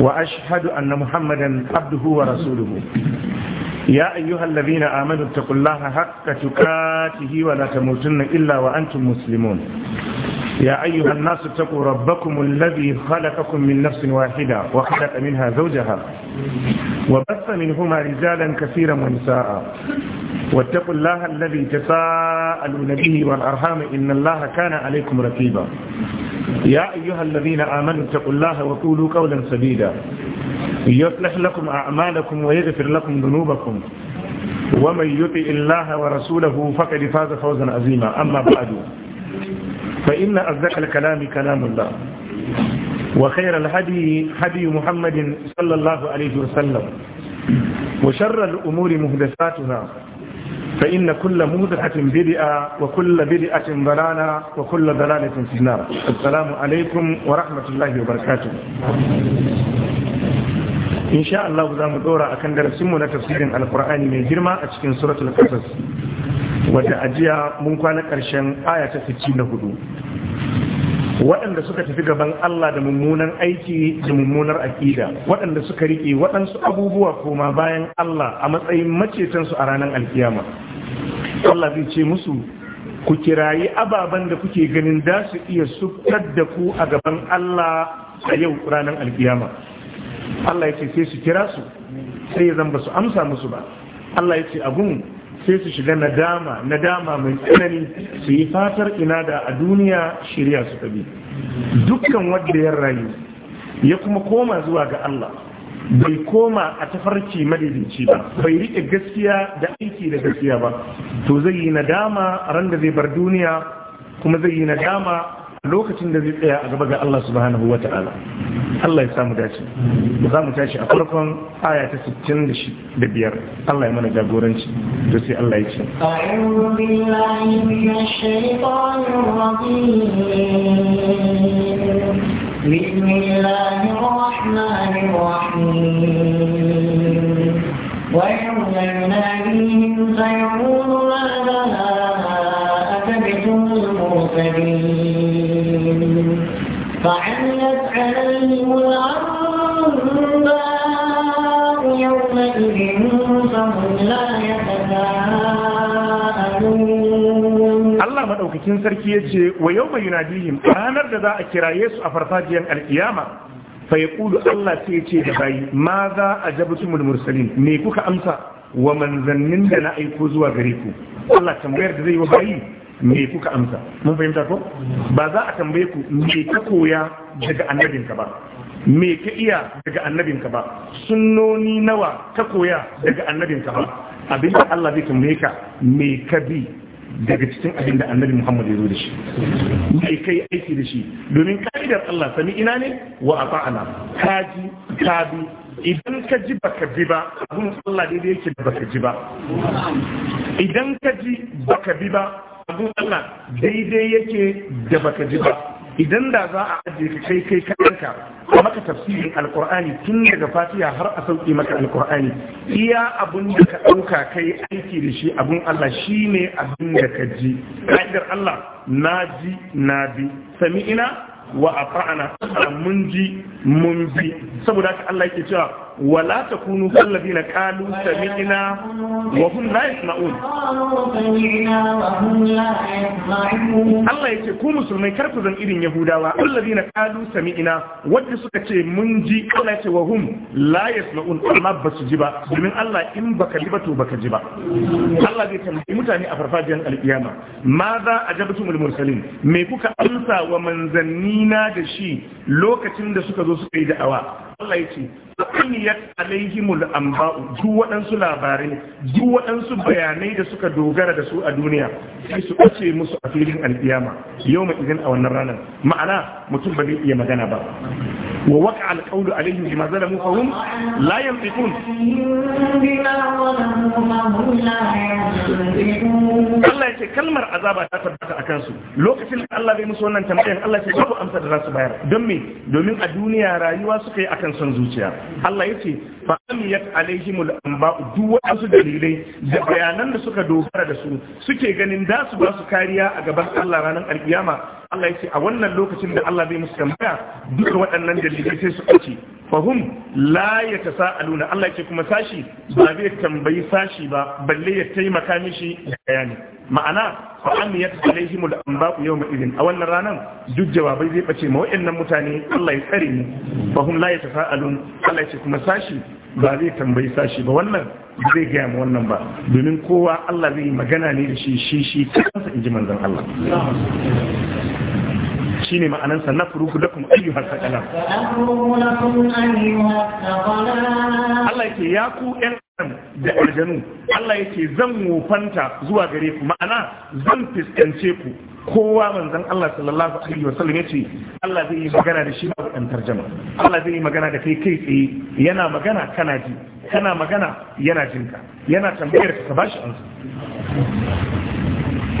وأشهد أن محمدا عبده ورسوله يا أيها الذين آمنوا اتقوا الله حق تكاته ولا تموتن إلا وأنتم مسلمون يا أيها الناس اتقوا ربكم الذي خلقكم من نفس واحدة وخلق منها زوجها وبث منهما رجالا كثيرا ونساء واتقوا الله الذي تساءلون به والأرحام إن الله كان عليكم رقيبا يا أيها الذين آمنوا اتقوا الله وقولوا قولا سديدا يصلح لكم أعمالكم ويغفر لكم ذنوبكم ومن يطع الله ورسوله فقد فاز فوزا عظيما أما بعد فإن أصدق الكلام كلام الله وخير الهدي هدي محمد صلى الله عليه وسلم وشر الأمور مهدساتها فإن كل مهدفة بدئة وكل بدئة ضلالة وكل ضلالة في النار السلام عليكم ورحمة الله وبركاته إن شاء الله ذا مدورة أكن درسمنا تفسير القرآن من جرمى أتكين سورة القصص وتأجيها ممكن كرشان آية 64 waɗanda suka tafi gaban Allah da mummunan aiki da mummunar aƙida waɗanda suka riƙe waɗansu abubuwa koma bayan Allah a matsayin macetansu a ranar alkiyama Allah zai ce musu ku kirayi ababen da kuke ganin da su iya sukar da ku a gaban Allah a yau ranar alkiyama Allah ya ce sai su kira su sai ya zan su amsa musu ba Allah ya ce abun sai su shiga nadama nadama mai tsanani su yi fatar ina da a duniya shirya su tabi dukkan wadda ya rayu ya kuma koma zuwa ga Allah bai koma a tafarki madidinci ba bai riƙe gaskiya da aiki da gaskiya ba to zai yi nadama a ran da zai bar duniya kuma zai yi nadama lokacin da zai tsaya a gaba ga Allah subhanahu wa ta'ala Allah ya samu dace za mu tashi a farkon aya ta 65 Allah ya mana jagoranci to sai Allah ya ce a'udhu billahi minash shaitanir rajim بسم الله الرحمن الرحيم ويوم يناديهم فيقول ماذا أتبتم المرسلين فعملت عليهم الأنباء يومئذ فهم لا يتساءلون madaukakin sarki yace wa yawma yunadihim ranar da za a kiraye su a farfajiyar alkiyama fa yaqulu Allah sai yace da bayi ma za ajabtumul mursalin me kuka amsa wa manzannin da na aiko zuwa gare ku Allah tambayar da zai wa bai me kuka amsa mun fahimta ko ba za a tambaye ku me ka koya daga annabinka ba me ka iya daga annabinka ba sunnoni nawa ka koya daga annabinka ba abinda Allah zai tambaye ka me ka bi daga cikin abin da annabi Muhammad ya zo da shi mai kai aiki da shi domin ka'idar Allah sami ina ne wa ata'ana kaji kabi idan ka ji baka bi ba abun Allah daidai yake da baka ji ba idan ka ji baka bi ba abun Allah daidai yake da baka ji ba idan da za a ajiye ka kai kai kayanka a maka tafsirin alkur'ani tun daga fatiha har a sauƙi maka alkur'ani iya abun da ka ɗauka kai aiki da shi abun Allah shi ne abin da ka ji ka'idar Allah na ji na bi sami'ina wa ata'ana mun ji mun bi saboda haka Allah yake cewa ولا تكونوا كالذين قالوا سمعنا وهم لا يسمعون Allah ya ce ku musulmai kar ku zan irin Yahudawa allazina qalu sami'na wadda suka ce mun ji Allah ya ce wa hum la yasma'un amma ba su ji ba domin Allah in baka ji ba to baka ji ba Allah zai tambayi mutane a farfajiyar alkiyama ma za ajabtumul mursalin me kuka amsa wa manzannina da shi lokacin da suka zo su yi da'awa Allah ya ce fa'iniyat alaihimul anba'u duk waɗansu labarai duk waɗansu bayanai da suka dogara da su a duniya sai su wuce musu a filin alkiyama yau ma idan a wannan ranar ma'ana mutum ba zai iya magana ba ووقع القول عليهم بما ظلموا فهم لا ينطقون Allah ya ce kalmar azaba ta tabbata a kansu lokacin da Allah bai musu wannan tambayar Allah ce babu amsar da za su bayar don me domin a duniya rayuwa suka yi akan son zuciya Allah ya ce fa amiyat alaihimul anba duk wasu dalilai da bayanan da suka dogara da su suke ganin da su ba su kariya a gaban Allah ranar alkiyama Allah yace a wannan lokacin da Allah zai musu tambaya duka waɗannan dalilai sai su kace fahum la yatasaaluna Allah yace kuma sashi ba zai tambayi sashi ba balle ya taimaka mishi da bayani ma'ana fa amiyat alaihim al-anba'u yawma idhin a wannan ranar, duk jawabai zai ɓace ma wayannan mutane Allah ya tsare mu fa hum la yatasaalun Allah ya ce kuma sashi ba zai tambayi sashi ba wannan zai gaya ma wannan ba domin kowa Allah zai yi magana ne da shi shi shi kansa inji manzan Allah shine ma'anar sa nafruku lakum ayyuhal thaqalan Allah yake ya ku ƴan da aljanu Allah yake zan wofanta zuwa gare ku ma'ana zan fiskance ku kowa manzan Allah sallallahu alaihi ya yace Allah zai yi magana da shi ba dan Allah zai yi magana da kai kai tsaye yana magana kana ji kana magana yana jinka yana tambayar ka bashi ansa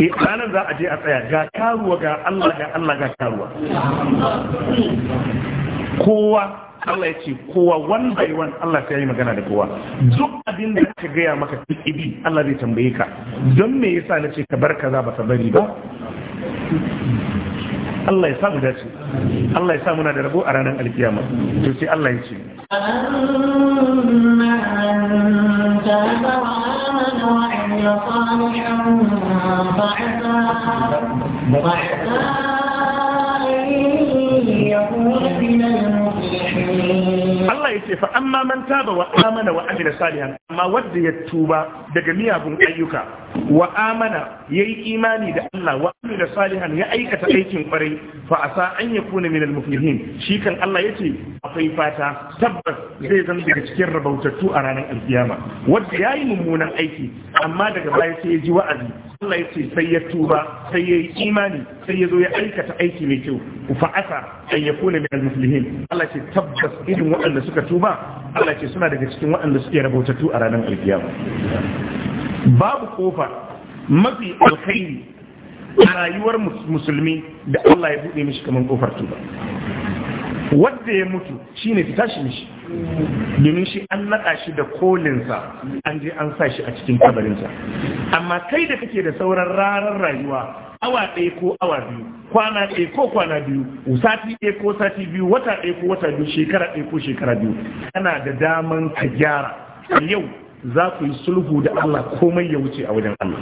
Eh, ranar za a je a tsaya ga karuwa ga Allah ga Allah ga karuwa kowa Allah ya ce kowa one by one Allah ya yi magana da kowa duk abin da ka gaya maka ibi Allah zai tambaye ka don me yasa na ce ka bar kaza ba ta bari ba Allah ya samu dace Allah ya samu na da rabo a ranar alkiyama to sai Allah ya ce فأما من تاب وآمن وعمل صالحا فعسى فعسى أن يكون من المفلحين Allah ya ce fa amma man taba wa amana wa amila salihan amma wanda ya tuba daga miyagun ayyuka wa amana yayi imani da Allah wa amila salihan ya aikata aikin kwarai fa asa an yakuna minal muflihin shi kan Allah yace akwai fata tabbas zai zama daga cikin rabautattu a ranar alkiyama wanda yayi mummunan aiki amma daga baya sai ya ji wa'azi Allah yace sai ya tuba sai yayi imani sai ya zo ya aikata aiki mai kyau fa asa an yakuna minal muflihin Allah ce tabbas irin waɗannan waɗanda suka tuba Allah ce suna daga cikin waɗanda suke rabotattu a ranar alkiyama babu kofa mafi alkhairi a rayuwar musulmi da Allah ya buɗe mishi kamar kofar tuba wadda ya mutu shine fita shi mishi domin shi an naɗa shi da kolinsa an je an sa shi a cikin kabarinsa amma kai da kake da sauran ranar rayuwa awa ɗaya ko awa biyu kwana ɗaya ko kwana biyu sati ɗaya ko sati biyu wata ɗaya ko wata biyu shekara ɗaya ko shekara biyu kana da daman ka gyara yau za ku yi sulhu da Allah komai ya wuce a wajen Allah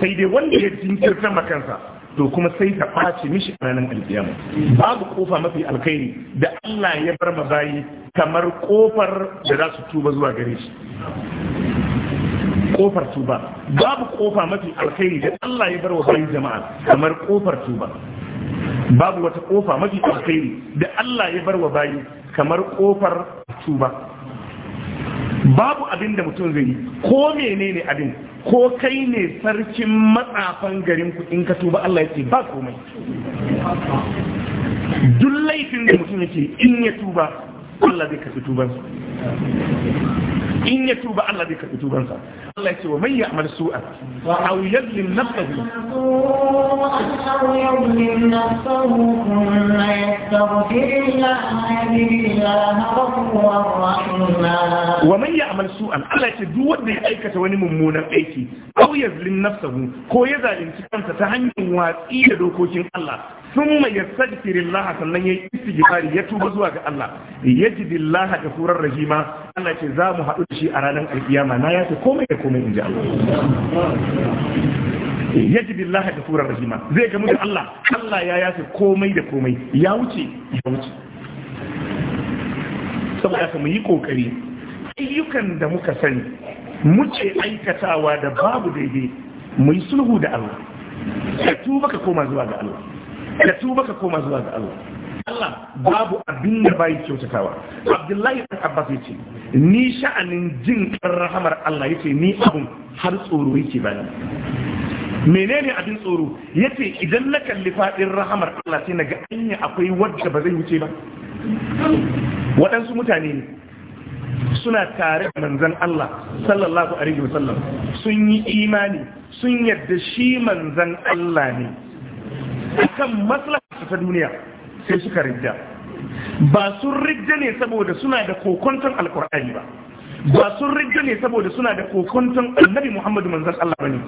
sai dai wanda ya jinkirta makansa to kuma sai ta ɓaci mishi a ranar alkiyama babu kofa mafi alkhairi da Allah ya bar mabayi kamar kofar da za su tuba zuwa gare shi kofar tuba babu kofa mafi alkhairi da Allah ya bar wa bayin jama'a kamar kofar tuba babu wata kofa mafi alkhairi da Allah ya bar wa bayi kamar kofar tuba babu abin da mutum zai yi ko menene abin ko kai ne sarkin matsafan garin ku in ka tuba Allah ya ce ba komai duk laifin da mutum yake in ya tuba Allah zai kasu tubansa in ya tuba Allah zai kasu tubansa Allah ya ce wa mai ya'mal su'a aw yadlim nafsahu aw yadlim nafsahu thumma yastaghfirullah wa man ya'mal su'an Allah ya ce duk wanda ya aikata wani mummunan aiki aw yadlim nafsahu ko ya zalunci kansa ta hanyar watsi da dokokin Allah thumma yastaghfirullah sannan yayi istighfari ya tuba zuwa ga Allah yajidillaha ghafurar rahima Allah ya ce za mu haɗu da shi a ranar alkiyama na yafi komai da komai in Allah yaji billahi da furar rahima zai gamu da Allah Allah ya yafe komai da komai ya wuce ya wuce saboda haka mu yi kokari ayyukan da muka sani muke aikatawa da babu daidai mu yi sulhu da Allah ka tuba ka koma zuwa ga Allah ka tuba ka koma zuwa ga Allah Allah babu abin da bai kyautatawa Abdullahi dan Abbas yace ni sha'anin jin ƙan rahamar Allah yace ni abun har tsoro yake bani menene abin tsoro yace idan na kalli fadin rahamar Allah sai naga anya akwai wadda ba zai wuce ba waɗansu mutane ne suna tare da manzon Allah sallallahu alaihi wasallam sun yi imani sun yadda shi manzan Allah ne akan maslaha ta duniya sai suka ridda ba sun rijja ne saboda suna da kokonton alkur'ani ba ba sun rijja ne saboda suna da kokonton annabi muhammadu manzan Allah bane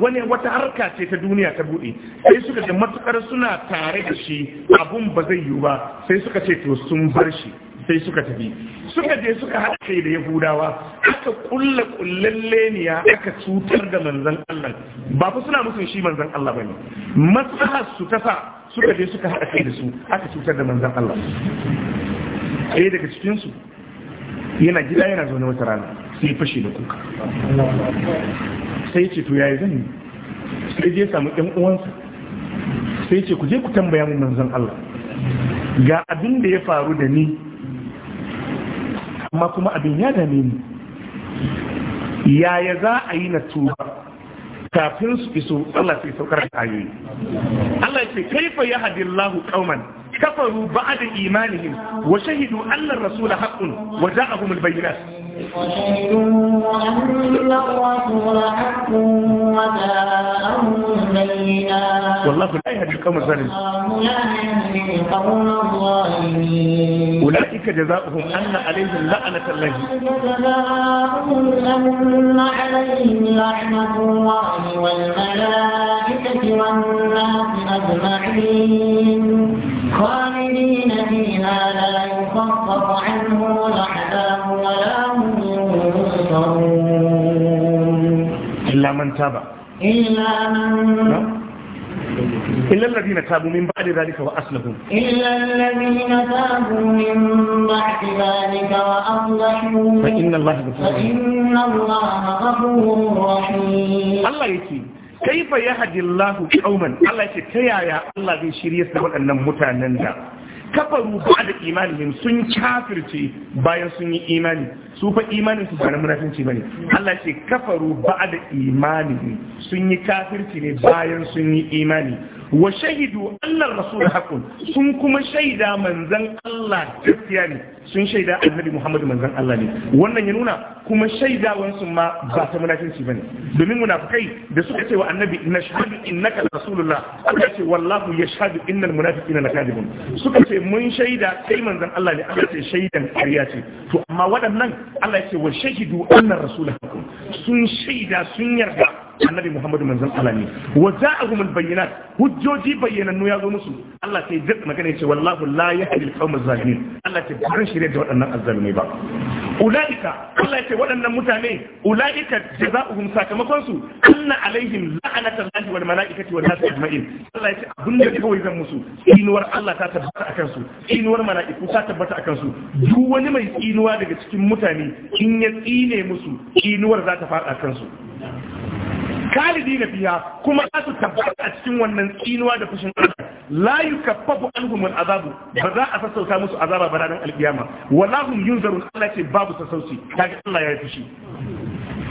wani wata harka ce ta duniya ta buɗe sai suka ce matukar suna tare da shi abun ba zai yiwu ba sai suka ce to sun bar shi sai suka tafi suka je suka haɗa kai da yahudawa aka kulla kullen leniya aka cutar da manzan Allah ba fa suna musun shi manzan Allah bane maslahar su ta sa suka je suka haɗa kai da su aka cutar da manzan Allah ɗaya daga cikinsu yana gida yana zaune wata rana sai fashe da kuka sai ce to yayi zan yi sai je samu ɗan uwansa sai ce ku je ku tambaya mu manzan Allah ga abin da ya faru da ni amma kuma abin ya dame ni yaya za a yi na tuba kafin su iso Allah sai saukar da ayoyi Allah ya ce kaifa yahdillahu qauman kafaru ba'da imanihim wa shahidu anna ar-rasula haqqun wa a al-bayyinat وشهدوا أن وجاءهم والله في الايه القوم الظالمين لا أولئك جزاؤهم أن عليهم لعنة الله جزاؤهم أن عليهم لعنة الله والملائكة والناس أجمعين خالدين فيها لا يخفف عنه لحظه يبصرون إلا من تاب إلا من إلا الذين تابوا من بعد ذلك وأصلحوا إلا الذين تابوا من بعد ذلك وأصلحوا فإن الله غفور فإن الله غفور رحيم الله يكي كيف يهدي الله قوما الله يكي كيا يا الله بشريس لهم أن متعنن kafaru ba da imanin sun kafirce bayan sun yi imani su fa imanin su ba na munafinci bane Allah ce kafaru ba da imanin sun yi kafirci ne bayan sun yi imani wa shahidu annar rasul hakun sun kuma shaida manzon Allah gaskiya ne sun shaida annabi Muhammadu manzon Allah ne wannan ya nuna kuma shaidawansu ma ba ta munafinci bane domin munafikai da suka ce wa annabi nashhadu innaka rasulullah suka ce wallahu yashhadu innal munafiqina lakadibun suka ce mun shaida kai manzon Allah ne Allah ce shaidan ƙarya ce to amma waɗannan Allah ya ce wa shahidu annar rasulakum sun shaida sun yarda annabi muhammadu manzon Allah ne wa ja'ahum al-bayyinat hujjoji bayyanannu ya zo musu Allah sai zai magana ce: wallahu la yahdi al-qawm az-zalimin Allah ce ba shirye da waɗannan azzalumai ba ulaika Allah ce waɗannan mutane ulaika jazaohum sakamakon su anna alaihim la'natullahi wal malaikati wan nas ajma'in Allah ce abun da kawai zan musu inuwar Allah ta tabbata akan su inuwar mala'iku ta tabbata akan su duk wani mai inuwa daga cikin mutane in ya tsine musu inuwar za ta faɗa kansu khalidi na fiya kuma za su tabbata a cikin wannan tsinuwa da fushin Allah la yukaffafu anhum azabu ba za a sassauta musu azaba ba ranar alkiyama wallahum yunzarun Allah ce babu sassauci kaga Allah ya fushi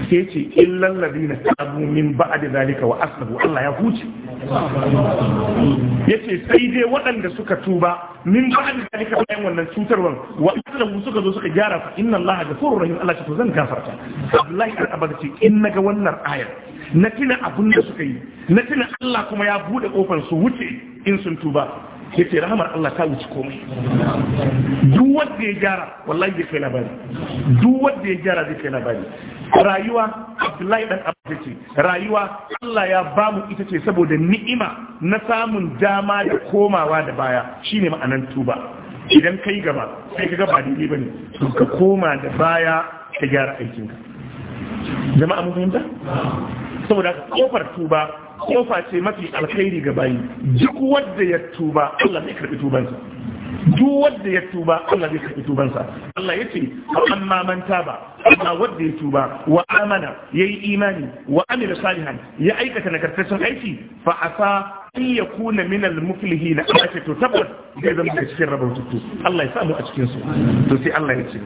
sai ce illal ladina tabu min ba'd zalika wa aslahu Allah ya huce yace sai dai waɗanda suka tuba min ba'd zalika bayan wannan cutarwan wa aslahu suka zo suka gyara fa inna Allah ghafurur rahim Allah ce to zan gafarta Abdullahi ibn Abbas ce in naga wannan ayar na tuna abin da suka yi na tuna Allah kuma ya bude kofar su wuce in sun tuba ya ce rahamar Allah ta wuce komai duk wanda ya gyara wallahi zai kai labari duk wanda ya gyara zai kai labari rayuwa Abdullahi dan Abbas ce rayuwa Allah ya ba mu ita ce saboda ni'ima na samun dama da komawa da baya shine ma'anar tuba idan kai gaba sai kaga ba daidai bane to ka koma da baya ka gyara aikinka jama'a mun fahimta saboda haka kofar tuba kofa ce mafi alkhairi ga bayi duk wanda ya tuba Allah zai karbi tubansa duk wanda ya tuba Allah zai karbi tubansa Allah yace amma man taba amma wanda ya tuba wa amana yayi imani wa amila salihan ya aikata nagartaccen aiki fa asa in ya kuna minal muflihi na ake to tabbat, zai zama da cikin rabar tuttu Allah ya samu a cikin su to sai Allah ya ce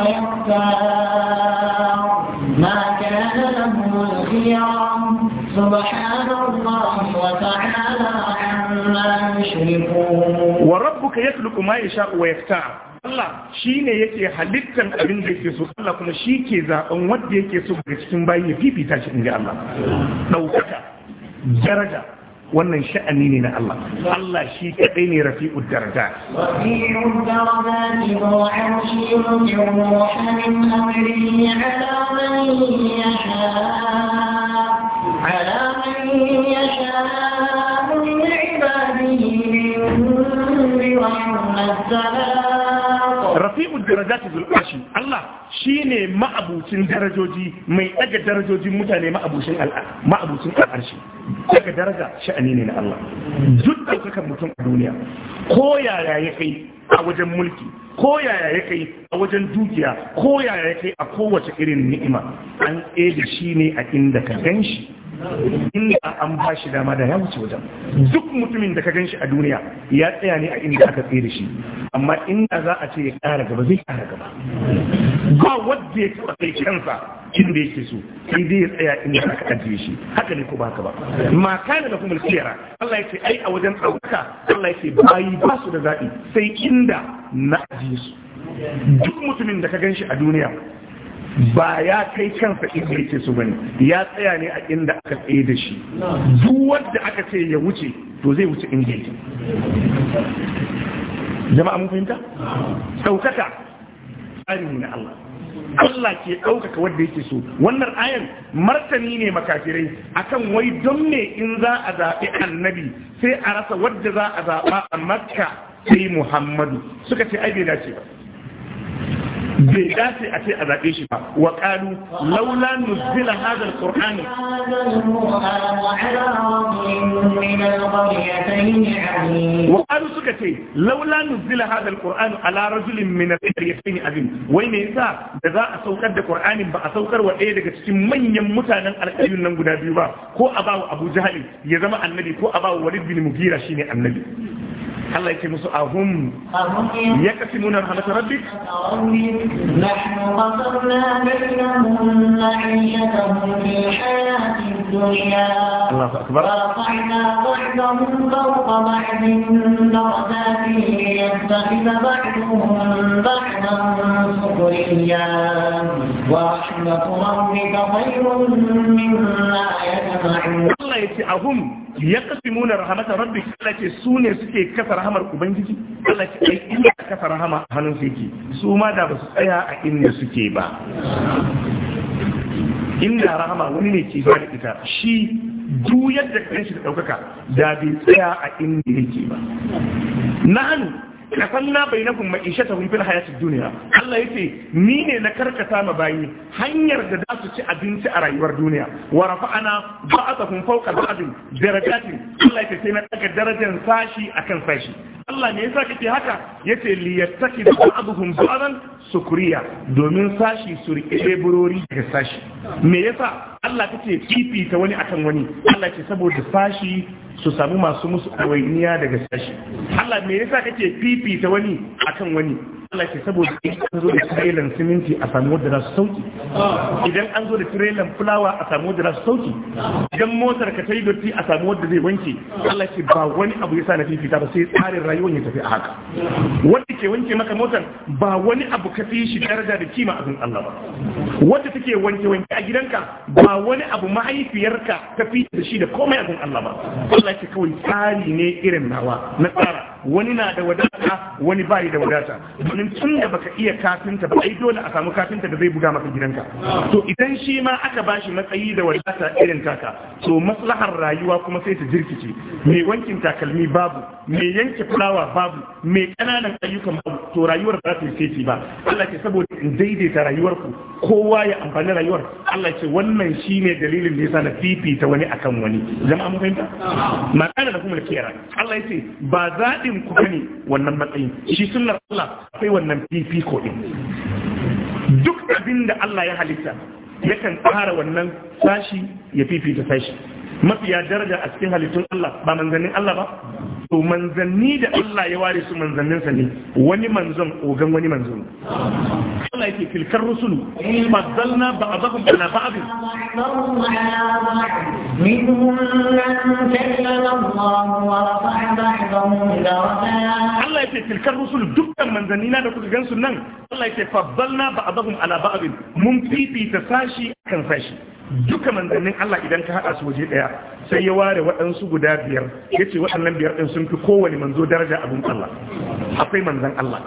ويختار ما كان لهم الخيار سبحان الله وتعالى عما يشركون Allah shi ne yake halittar abin da yake so Allah kuma shi ke zaɓen wanda yake so daga cikin bayi ya fifita shi in ga Allah ɗaukaka daraja wannan sha'ani ne na Allah Allah shi kadai ne rafi'ud daraja rafi'ud daraja wa 'arshiru ruhan Shi ne ma'abucin darajoji mai ɗaga darajojin mutane ma'abucin ma'abucin al'arshi daga daraja sha'ani ne na Allah duk daukakan mutum a duniya ko yaya ya kai a wajen mulki ko yaya ya kai a wajen dukiya ko yaya ya kai a kowace irin ni'ima an tsaye shi ne a inda ka gan shi inda an ba shi dama da ya wuce wajen duk mutumin da ka gan shi a duniya ya tsaya ne a inda aka tsere shi amma inda za a ce ya kara gaba zai kara gaba ba wadda ya taba kai kansa inda yake so sai dai ya tsaya inda aka ajiye shi haka ne ko ba ka ba ma kana da kuma alkhiyara Allah ya ce ai a wajen tsauka Allah ya ce bayi ba su da zaɓi sai inda na ajiye su duk mutumin da ka gan shi a duniya ba ya kai kansa inda su bane ya tsaya ne a inda aka tsaye da shi duk wanda aka ce ya wuce to zai wuce inda yake jama'a mun fahimta saukaka tsari ne Allah Allah ke ɗaukaka wanda yake so wannan ayan martani ne makafirai akan wai don me in za a zaɓi annabi sai a rasa wadda za a zaɓa a makka sai muhammadu suka ce ai bai dace ba bai dace a ce a zaɓe shi ba wa ƙalu laula nuzila hada alquran wa ƙalu suka ce laula nuzila Kur'ani alquran ala rajulin min alqaryatayn azim wai me yasa da za a saukar da qur'anin ba a saukar wa ɗaya daga cikin manyan mutanen alƙaryun nan guda biyu ba ko a ba abu jahali ya zama annabi ko a wa walid bin shi shine annabi Allah yake musu ahum ya kasi munar halatta rabbi nahnu qasamna bainahum ma'ishatahum fil hayati الدنيا ورفعنا بعضهم فوق بعض درجات ليتخذ بعضهم بعضا سخريا ورحمة ربك خير مما يجمعون Allah ya ce ahum ya kasi muna rahamata rabbi Allah ce su ne suke kasa rahamar ubangiji Allah ce ai inda kasa rahama su ma da basu tsaya a inda suke ba inda rahama wani ne ke ba da ita shi du yadda kan shi da ɗaukaka da bai tsaya a inda yake ba na hannu. kasanna bainakum ma'ishatahum fil hayatid duniya. Allah ce ni ne na karkata ma bayi hanyar da za su ci abinci a rayuwar duniya wa rafa'ana fauka fawqa ba'din darajatin Allah ce sai na ɗaga darajar sashi akan sashi Allah ne yasa kake haka Ya yace li da ba'dhum ba'dan sukuriya domin sashi su riƙe burori daga sashi me yasa Allah kace fifita wani akan wani Allah ce saboda sashi su samu masu musu ɗawainiya daga sashi Allah me yasa kake fifita wani akan wani Allah ke saboda idan an zo da trailer siminti a samu wadda za su sauki idan an zo da trailer fulawa a samu wadda za su sauki idan motar ka ta yi dotti a samu wadda zai wanke Allah ke ba wani abu ya sa na fifita ba sai tsarin rayuwar ya tafi a haka wanda ke wanke maka motar ba wani abu ka fi shi daraja da kima abin Allah ba wanda take wanke wanke a gidanka ba wani abu mahaifiyarka ka fi da shi da komai abin Allah ba Allah ke kawai tsari ne irin nawa na tsara wani na da wadata wani bai da wadata domin tun da baka iya kafinta ba ai dole a samu kafinta da zai buga maka gidanka to idan shi ma aka bashi matsayi da wadata irin taka to maslahar rayuwa kuma sai ta jirkice mai wankin takalmi babu mai yanke fulawa babu mai ƙananan ayyukan ba to rayuwar ba ta yi ba Allah ce saboda in daidaita rayuwarku kowa ya amfani rayuwar Allah ce wannan shine dalilin da yasa na fifita wani akan wani jama'a mun fahimta ma kana da kuma kiyara Allah ya ce ba zaɗin ku bane wannan matsayin shi sunnar Allah akwai wannan fifiko din duk abin da Allah ya halitta yakan tsara wannan sashi ya fifita sashi mafiya daraja a cikin halittun Allah ba manzannin Allah ba to manzanni da Allah ya ware su manzanninsa ne wani manzon ogan wani manzon Allah yake filkar rusulu faddalna ba'dahum ala ba'd ba? man kallama Allah wa rafa'a ba'dahum darajat Allah yake filkar rusulu dukkan manzanni na da kuka gansu nan Allah yake a ba'dahum ala ba abin. mun fifita sashi kan sashi duka manzannin Allah idan ka haɗa su waje ɗaya sai ya ware waɗansu guda biyar ce waɗannan biyar din su mutunta manzo daraja abin Allah akwai manzan Allah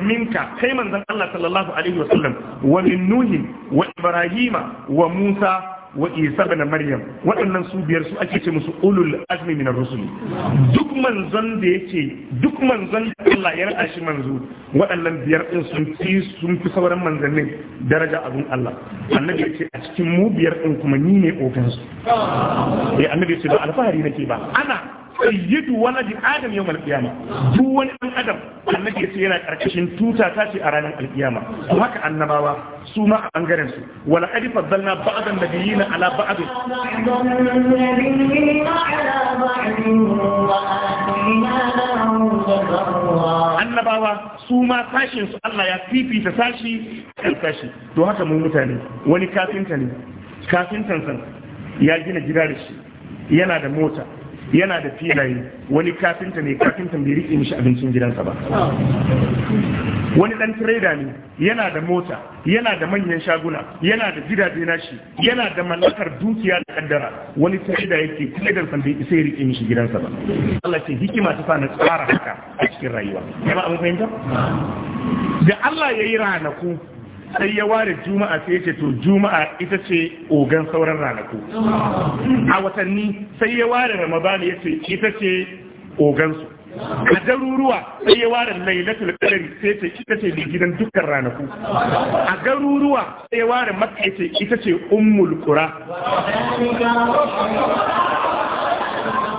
minka kai manzan Allah sallallahu alaihi wasallam wa min wa ibrahima wa musa wa isa da maryam waɗannan su biyar su ake ce musu ulul azmi minar rusuli duk manzon da yake duk manzon da Allah ya rada shi manzo waɗannan biyar din sun fi sun fi sauran manzannin daraja abun Allah annabi ya ce a cikin mu biyar din kuma ni ne ofin su eh annabi ya ce ba alfahari nake ba ana sayyidu waladi adam yawmal qiyama duk wani dan adam annabi yace yana karkashin tuta ta ce a ranar alkiyama to haka annabawa su ma a bangaren su wala qad faddalna ba'dan nabiyina ala ba'd annabawa su ma sashin su Allah ya fifita sashi kan sashi to haka mu mutane wani kafinta ne kafintansa ya gina gida da shi yana da mota yana da filaye wani kafinta ne kafintan bai rike mishi abincin gidansa ba wani dan trader ne yana da mota yana da manyan shaguna yana da gidaje na shi yana da mallakar dukiya da kaddara wani trader yake trader san bai isa rike mishi gidansa ba Allah ce hikima ta sana tsara haka a cikin rayuwa kuma abin fahimta da Allah ya yi ranaku sai ya ware juma'a sai ya ce to juma'a ita ce ogan sauran ranaku a watanni sai ya ware ramadan ya ce ita ce ogansu a garuruwa sai ya ware lailatul qadari sai ce ita ce ne gidan dukkan ranaku a garuruwa sai ya ware makka ya ce ita ce ummul qura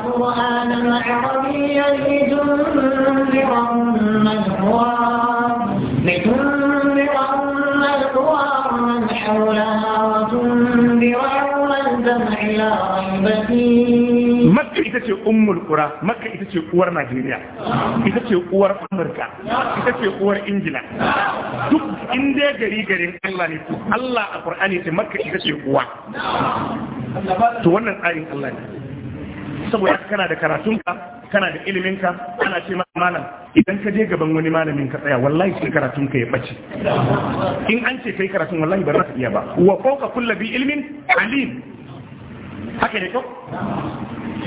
قرآنا عربيا لتنذر من هو Makka ita ce ummul kura, makka ita ce uwar Najeriya, ita ce uwar Amurka, ita ce uwar Ingila. Duk inda gari gari Allah ne to Allah a Qur'ani ce makka ita ce kuwa, To wannan tsarin Allah ne. saboda kana da karatunka kana da iliminka ana ce maka malam idan ka je gaban wani malamin ka tsaya wallahi sai karatunka ya bace in an ce kai karatun wallahi ba za ka iya ba wa fawqa kulli bi ilmin alim haka ne ko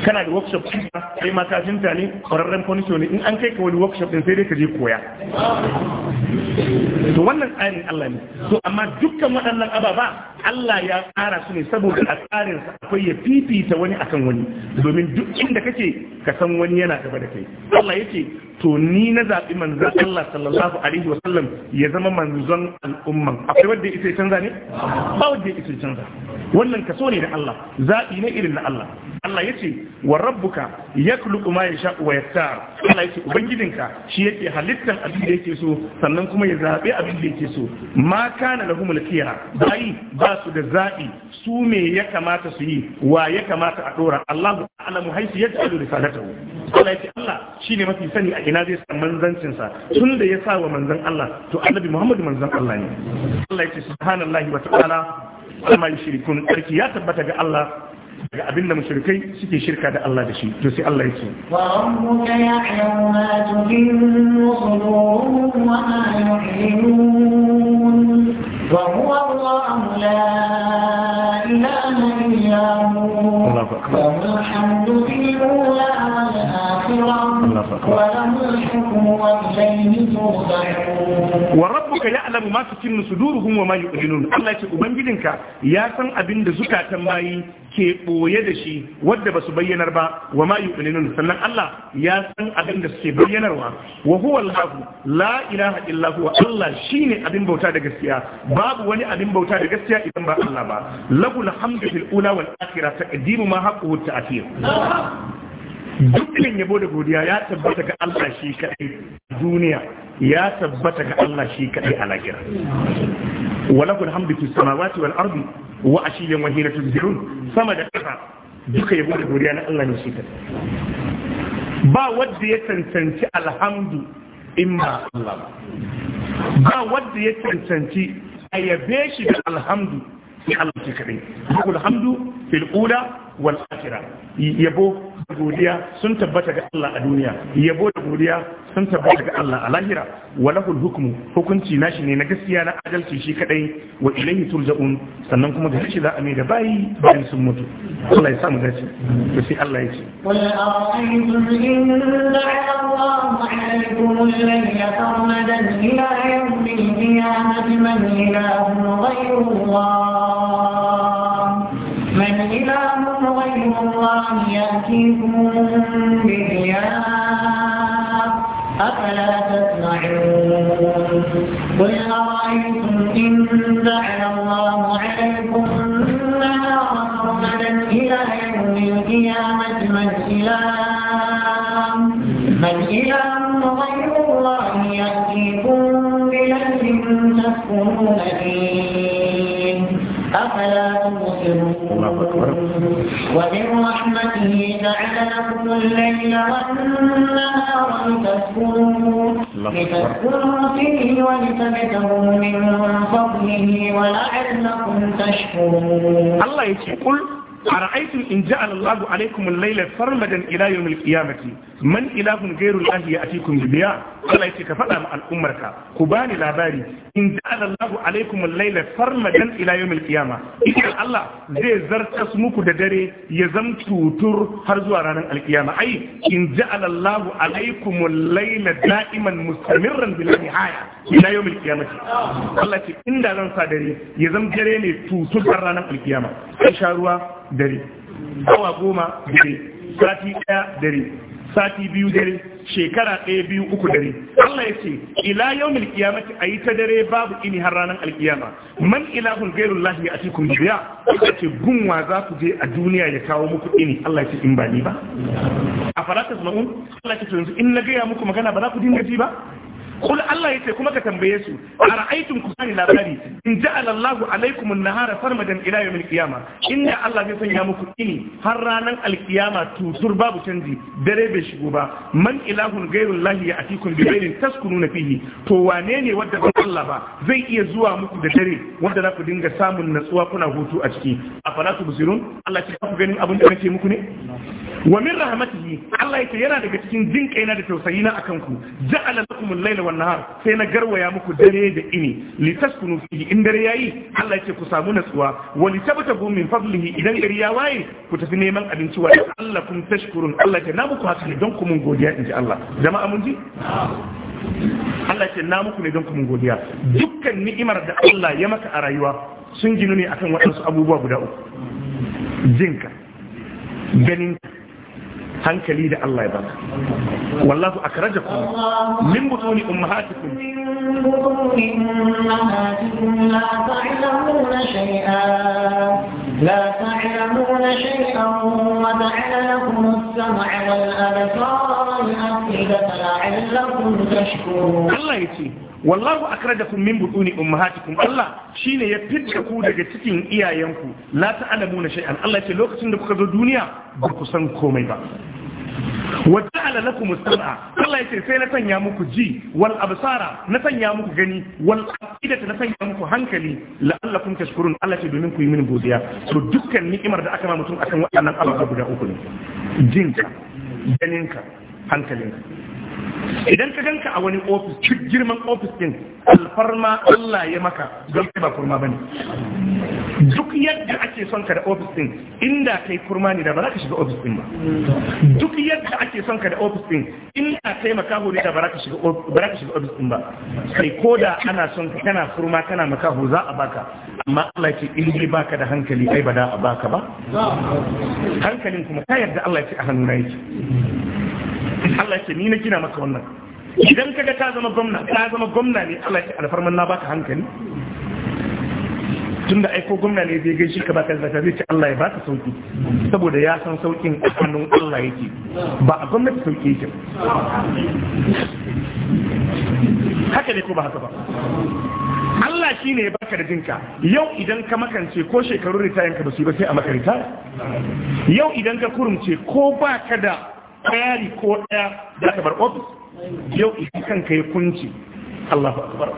kana da workshop kuma? kai ma ka jinta ne ƙwararren kwanisho ne in an kai ka wani workshop ɗin sai dai ka je koya to wannan tsarin Allah ne to amma dukkan waɗannan ababa Allah ya tsara su ne saboda a tsarin sa akwai ya fifita wani akan wani domin duk inda kake ka san wani yana gaba da kai Allah yake to ni na zaɓi manzon Allah sallallahu alaihi wa sallam ya zama manzon al'umman akwai wanda ya isa canza ne ba wanda ya isa canza wannan kaso ne na Allah zaɓi na irin na Allah Allah ce wa rabbuka yakhluqu ma sha wa yattar Allah yace ubangijinka shi yake halittar abin da yake so sannan kuma ya zaɓi abin da yake so ma kana lahumul khiyara bayi ba su da zaɓi su me ya kamata su yi wa ya kamata a dora Allahu a'lamu haythu yaj'alu risalatahu Allah ya ce Allah shine mafi sani a ina zai san manzancinsa tun da ya sa wa manzan Allah to annabi Muhammadu manzan Allah ne Allah ya ce subhanallahi wa ta'ala amma yushrikun ɗarki, ya tabbata ga Allah ga abin da mushrikai suke shirka da Allah da shi to sai Allah ya wa rabbuka ya'lamu ma wa ma yu'linun وهو الله لا إله إلا هو له الحمد في الأولى والآخرة وله الحكم وإليه ترجعون وربك يعلم ما تكن صدورهم وما يؤمنون الله يقول بنجدك يا سن أبن زكاة ماي ke ɓoye da shi wadda ba su bayyanar ba wa ma yu'minun sannan Allah ya san abin da suke bayyanarwa wa huwa Allah la ilaha illa huwa Allah shine abin bauta da gaskiya babu wani abin bauta da gaskiya idan ba Allah ba lahul hamdu fil ula wal akhirah taqdimu ma ta'khir dukkan yabo da godiya ya tabbata ga Allah shi kadai duniya ya tabbata ga Allah shi kadai a lahira walakul hamdu fis samawati wal ardi wa ashiyan sama da kasa duka yabo da godiya na Allah ne shi kadai ba wanda ya cancanci alhamdu in ba Allah ba ba wanda ya cancanci a yabe shi da alhamdu sai Allah shi kaɗai, lahul hamdu fil ula wal akhirah yabo da godiya sun tabbata ga Allah a duniya yabo da godiya sun tabbata ga Allah a lahira wa lahul hukmu hukunci nashi ne na gaskiya na adalci shi kadai wa ilayhi turja'un sannan kuma ga shi za a mai da bayi bayan sun mutu Allah ya samu dace to sai Allah ya ce qul a'udhu in da'a Allahu 'alaykum alladhi sarmada ila yawm al-qiyamati man ilahun ghayru Allah أفلا تسمعون قل أرأيتم إن جعل الله عليكم النهار سرمدا إلى يوم القيامة من إله من إله غير الله يأتيكم بليل تسكنون فيه أفلا تبصرون ومن رحمته جعل لكم الليل والنهار لتسكنوا فيه ولتبتغوا من فضله ولعلكم تشكرون الله يقول أرأيتم إن جعل الله عليكم الليل فرمدا إلى يوم القيامة من إله غير الله يأتيكم بضياء الله يتيك فلا مع الأمرك كبان لاباري إن جعل الله عليكم الليل فرمدا إلى يوم القيامة إذن الله زي زرت اسمك ددري يزم توتر هرزو رانا القيامة أي إن جعل الله عليكم الليل دائما مستمرا بلا نهاية إلى يوم القيامة الله يتيك إن دارن صادري يزم جريني توتر رانا القيامة أي شاروا dare awa goma dare sati daya dare sati biyu dare shekara ɗaya biyu uku dare Allah ya ce ila yau mil kiyamati a yi ta dare babu ini har ranar alkiyama man ilahun gairun lahi a cikin biya ya ce gunwa za ku je a duniya ya kawo muku ini Allah ya ce in ba ni ba a faratas ma'un Allah ya ce yanzu in na gaya muku magana ba za ku dinga ji ba kul Allah yace kuma ka tambaye su ara'aytum kusani labari in ja'ala Allahu alaikum an-nahara farmadan ila yawm al-qiyama inna Allah zai sanya muku ini har ranan al-qiyama babu canji dare bai shigo ba man ilahun ghayru Allah ya'tikum bi ghayrin taskununa fihi to wane ne wanda ba Allah ba zai iya zuwa muku da dare wanda za ku dinga samun natsuwa kuna hutu a ciki afalatu tubsirun Allah ya ku ganin abin da nake muku ne wa min rahmatihi Allah yake yana daga cikin jin kaina da tausayi na akan ku ja'ala lakum al-layla wan nahar sai na garwaya muku dare da ini litaskunu fihi in dare yayi Allah yake ku samu natsuwa wa litabtagu min fadlihi idan gari ya waye ku tafi neman abinci wa Allah kun tashkurun Allah yake na muku haka ne don ku mun godiya inji Allah jama'a mun ji Allah yake na muku ne don ku mun godiya dukkan ni'imar da Allah ya maka a rayuwa sun ginu ne akan waɗansu abubuwa guda uku jinka ganinka hankali da Allah ya ba wallahu akrajakum min butuni ummahatikum لا تعلمون شيئا وجعل لكم السمع والأبصار والأفئدة لعلكم تشكرون الله يتيه wallahu akradakum min butuni ummahatikum Allah shine ya fitta ku daga cikin iyayenku la ta'lamuna shay'an Allah ce lokacin da kuka zo duniya ba ku san komai ba wa ja'ala lakum as-sam'a Allah ya ce sai na sanya muku ji wal absara na sanya muku gani wal afidata na sanya muku hankali la'allakum tashkurun Allah ce domin ku yi min godiya to dukkan ni'imar da aka ma mutum akan waɗannan abubuwa guda uku ne jinka ganinka hankalinka idan ka ganka a wani ofis cik girman ofis din alfarma Allah ya maka don ba kurma bane duk yadda ake son ka da ofis din inda kai kurma ne da ba za ka shiga ofis din ba duk yadda ake son ka da ofis din inda kai makaho ne da ba za ka shiga ofis din ba kai da ana son ka kana kurma kana makaho za a baka amma Allah ya ce in dai baka da hankali ai ba da a baka ba hankalin kuma ta yarda Allah ya ce a hannu na yake Allah ce ni na gina maka wannan idan kaga ta zama gwamna ta zama gwamna ne Allah ya alfarman na baka hankali tunda aiko gwamna ne zai gaishe ka baka zaka zai ce Allah ya baka sauki saboda ya san saukin a hannun Allah yake ba a gwamnati sauki yake haka ne ko ba haka ba Allah shi ne ya baka da jinka yau idan ka makance ko shekarun ritayen ka ba su yi ba sai a makarita yau idan ka kurumce ko baka da tsari ko ɗaya da aka bar ofis yau idan kan ya kunci Allah akbar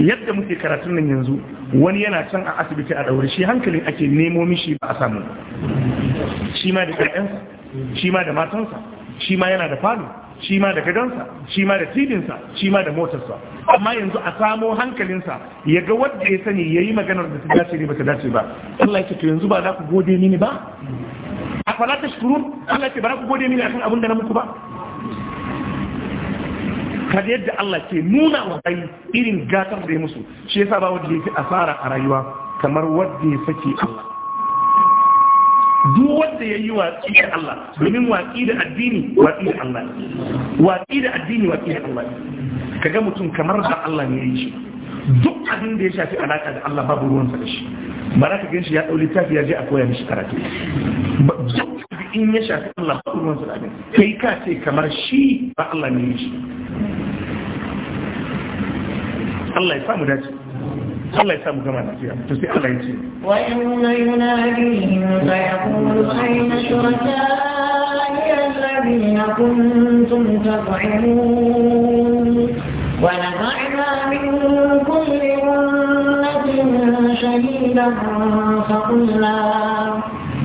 yadda muke karatun nan yanzu wani yana can a asibiti a ɗaure shi hankalin ake nemo mishi ba a samu shi ma da ƴaƴansa shi ma da matansa shi ma yana da falo shi ma da gadansa shi ma da tilinsa shi ma da motarsa amma yanzu a samo hankalinsa ya ga wadda ya sani ya yi maganar da ta dace ne ba ta dace ba Allah ya ce to yanzu ba za ku gode mini ba a falata shukuru Allah ce ba ku gode mini akan abin da na muku ba kada yadda Allah ke nuna wa kai irin gatar da ya musu shi yasa ba wanda yake asara a rayuwa kamar wanda ya saki Allah duk wanda ya yi watsi da Allah domin watsi da addini watsi da Allah watsi da addini watsi da Allah kaga mutum kamar da Allah ne ya yi shi duk abin da ya shafi alaka da Allah babu ruwan sa da shi ba za ka gan shi ya ɗau littafi ya je a koya mishi karatu duk in ya shafi Allah babu ruwan sa da abin kai ka ce kamar shi ba Allah ne ya shi Allah ya samu dace Allah ya samu gama lafiya to sai Allah ya ce wa yawma yunadihim fa yaqulu ayna shuraka'i alladhina kuntum tad'un ونزعنا من كل أمة شهيدا فقلنا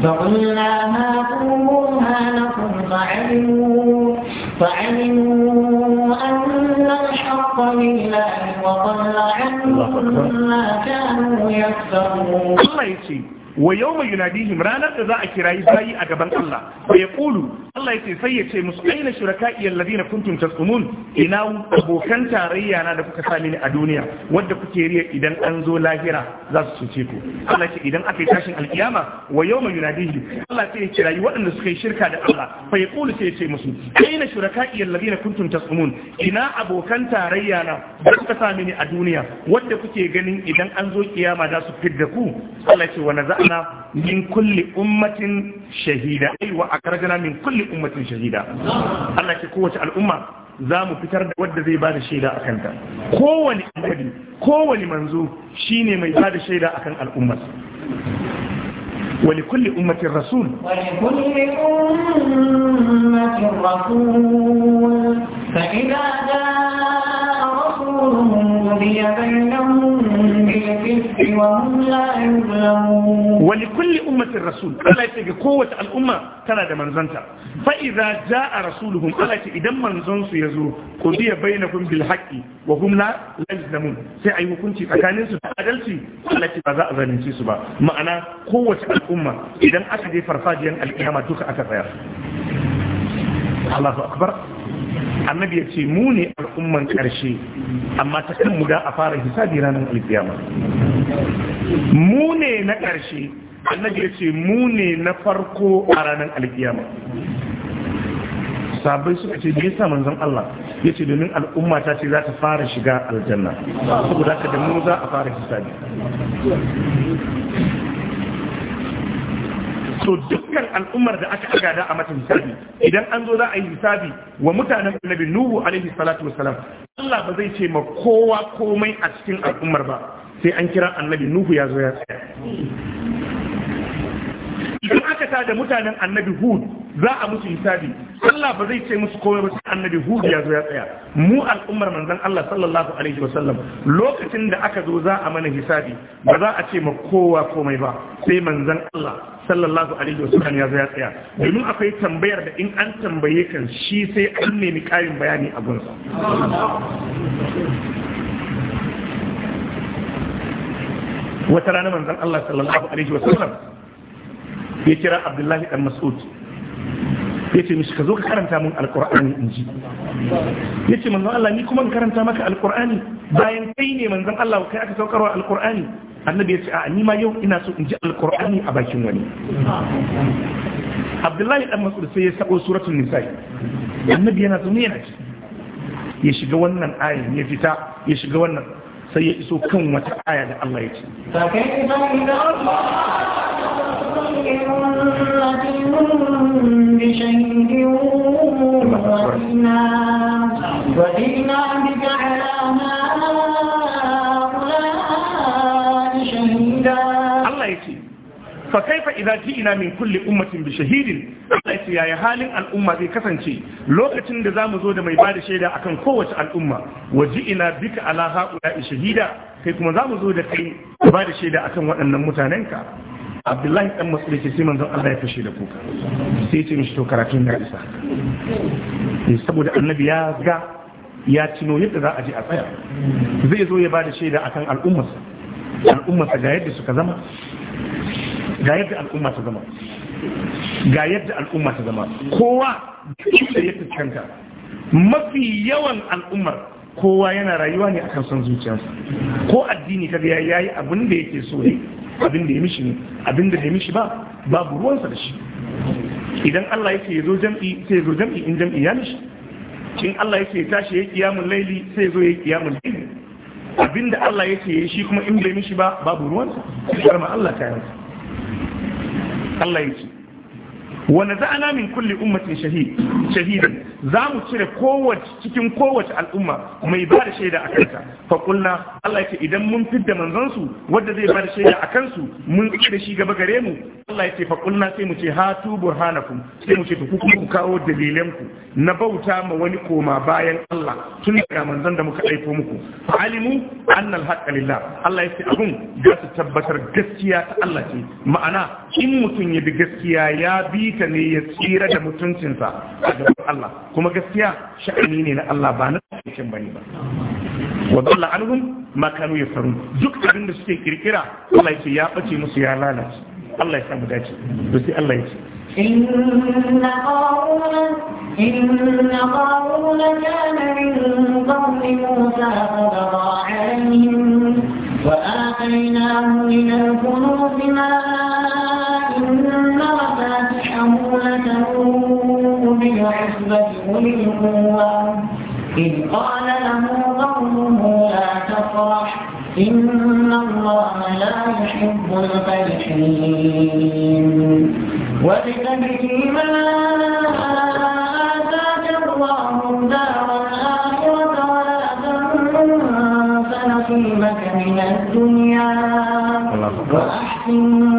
فقلنا هاتوا برهانكم فعلموا فعلموا أن الحق لله وضل عنهم ما كانوا يفترون wa yawma yunadihim ranar da za a kirayi bayi a gaban Allah fa yaqulu Allah yace sai ya ce musu aina shuraka'i alladhina kuntun tasumun ina abokan tarayya na da kuka sami ni a duniya wadda kuke riya idan an zo lahira za su cuce ku Allah ce idan aka yi tashin alkiyama wa yawma yunadihim Allah sai ya kirayi waɗanda suka yi shirka da Allah fa yaqulu sai ya ce musu aina shuraka'i alladhina kuntun tasumun ina abokan tarayya na da kuka sami ni a duniya wadda kuke ganin idan an zo kiyama za su fidda ku Allah ce wa naza بعثنا من كل أمة شهيدة أي وأخرجنا من كل أمة شهيدة الله كقوة الأمة zamu fitar da wadda zai bada shaida a kanta kowane annabi kowane manzo shine mai bada shaida akan al'ummar wa li kulli ummatin rasul wa li kulli ummatin rasul fa idha ja'a rasuluhum bi yadayhim بالرفق وهم لا يظلمون ولكل أمة الرسول ألا يتجي قوة الأمة تلا من زنتا فإذا جاء رسولهم ألا يتجي من زنسو يزور قضي بينكم بالحق وهم لا يظلمون سيعي وكنت أكانين سبادلتي ألا يتبذاء ذنسي سبا معنى قوة الأمة إذا أكدي فرفاجيا القيامة دوك أكثر الله أكبر annabi ya ce mu ne al'umman ƙarshe amma ta kan mu da a fara hisabi ranar alfiyama mu ne na ƙarshe annabi ya ce mu ne na farko a ranar alfiyama sabai suka ce me yasa manzon Allah ya ce domin al'umma ta ce za ta fara shiga aljanna saboda haka da mu za a fara hisabi So dukkan al'ummar da aka da a mata hisabi idan an zo za a yi hisabi wa mutanen annabi nuhu alaihi salatu wassalam Allah ba zai ce ma kowa komai a cikin al'ummar ba sai an kira annabi nuhu ya zo ya tsaya idan aka ta da mutanen annabi hud za a musu hisabi Allah ba zai ce musu komai ba sai annabi hud ya zo ya tsaya mu al'ummar manzon Allah sallallahu alaihi wasallam lokacin da aka zo za a mana hisabi ba za a ce ma kowa komai ba sai manzon Allah sallallahu alaihi wasallam ya zai tsaya domin akwai tambayar da in an tambaye kan shi sai an nemi karin bayani a gunsa wata rana manzon Allah sallallahu alaihi wasallam ya kira Abdullahi dan Mas'ud ya ce mishi ka zo ka karanta mun alkur'ani in ji ya ce manzon Allah ni kuma in karanta maka alkur'ani bayan kai ne manzon Allah kai aka saukarwa alkur'ani annabi ya ce a ni ma yau ina so in ji alkur'ani a bakin wani abdullahi dan mas'ud sai ya sako suratul nisa annabi yana zaune yana ci ya shiga wannan ayin ya fita ya shiga wannan sai ya iso kan wata aya da Allah ya ce fa kaifa idza ina min kulle ummatin bi shahidin Allah ya yaya halin al'umma zai kasance lokacin da zamu zo da mai bada shaida akan kowace al'umma waje ina bika ala haula shahida kai kuma zamu zo da kai bada shaida akan waɗannan mutanen ka Abdullahi dan Mas'ud ce sai manzon Allah ya fashe da kuka sai ce mishi to karatun ya isa eh, saboda annabi ya ga ya tuno yadda za a je a tsaya zai zo ya bada shaida akan al'ummarsa al'ummarsa ga yadda suka zama ga yadda al'umma ta zama ga yadda al'umma ta zama kowa da ya fuskanta mafi yawan al'ummar kowa yana rayuwa ne akan son zuciyarsa ko addini kaga ya yayi abin da yake so ne abin da ya mishi ne abin da ya mishi ba babu ruwansa da shi idan Allah yake yazo zo jam'i sai yazo jam'i in jam'i ya mishi in Allah yake tashi ya kiyamul laili sai ya zo ya laili abinda Allah yake ya shi kuma in bai mishi ba babu ruwansa karma Allah ta yi Allah yake wane naza'ana min kulli ummatin shahid shahidan za mu cire kowace cikin kowace al'umma mai ba da shaida a kanta fa Allah yake idan mun fidda manzon su wanda zai ba da shaida a kansu mun tsira shi gaba gare mu Allah yake fa sai mu ce hatu burhanakum sai mu ce to kuma ku kawo dalilan ku na bauta ma wani koma bayan Allah tun da manzon da muka aiko muku fa alimu anna al-haqqa lillah Allah yake abun da su tabbatar gaskiya ta Allah ce ma'ana in mutum ya bi gaskiya ya bi ta ne ya tsira da mutuncinsa a gaban Allah kuma gaskiya sha'ani ne na Allah ba na cikin bane ba wa dalla anhum ma kanu yafrun duk abin da suke kirkira Allah ya ce ya bace musu ya lalace Allah ya samu dace to sai Allah ya ce إن قارون إن قارون كان من قوم موسى فبغى عليهم وآتيناه من الكنوز ما إن مفاتحه لتنوء أولي القوة إذ قال له قومه لا تفرح إن الله لا يحب الفرحين وابتغ ما آتاك الله الدار الآخرة ولا تنس نصيبك من الدنيا وأحسن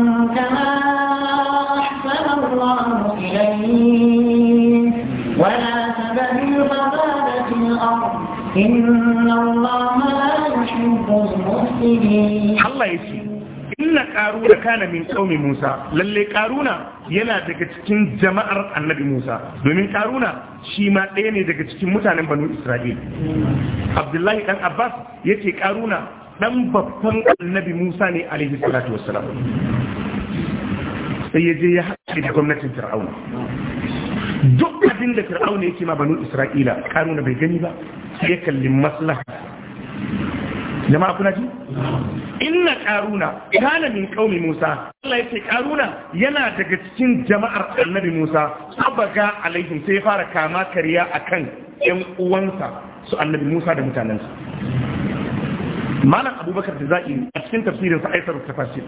Allah ya ce, Inna ƙaruna kana min ƙaumi Musa, lalle ƙaruna yana daga cikin jama'ar annabi Musa, domin ƙaruna shi ma ɗaya ne daga cikin mutanen banu Isra'il. Abdullahi ɗan Abbas ya ce ƙaruna ɗan babban annabi Musa ne alaihi salatu wassalam. Sai ya je ya haɗe da gwamnatin Fir'auna. duk abin da fir'auna yake ma banu isra'ila karuna bai gani ba sai ya kalli maslaha jama'a kuna ji inna karuna kana min qaumi musa Allah yace karuna yana daga cikin jama'ar annabi musa sabaga alaihim sai ya fara kama kariya akan yan uwansa su annabi musa da mutanensa malam abubakar da za'i a cikin sa aisar tafasir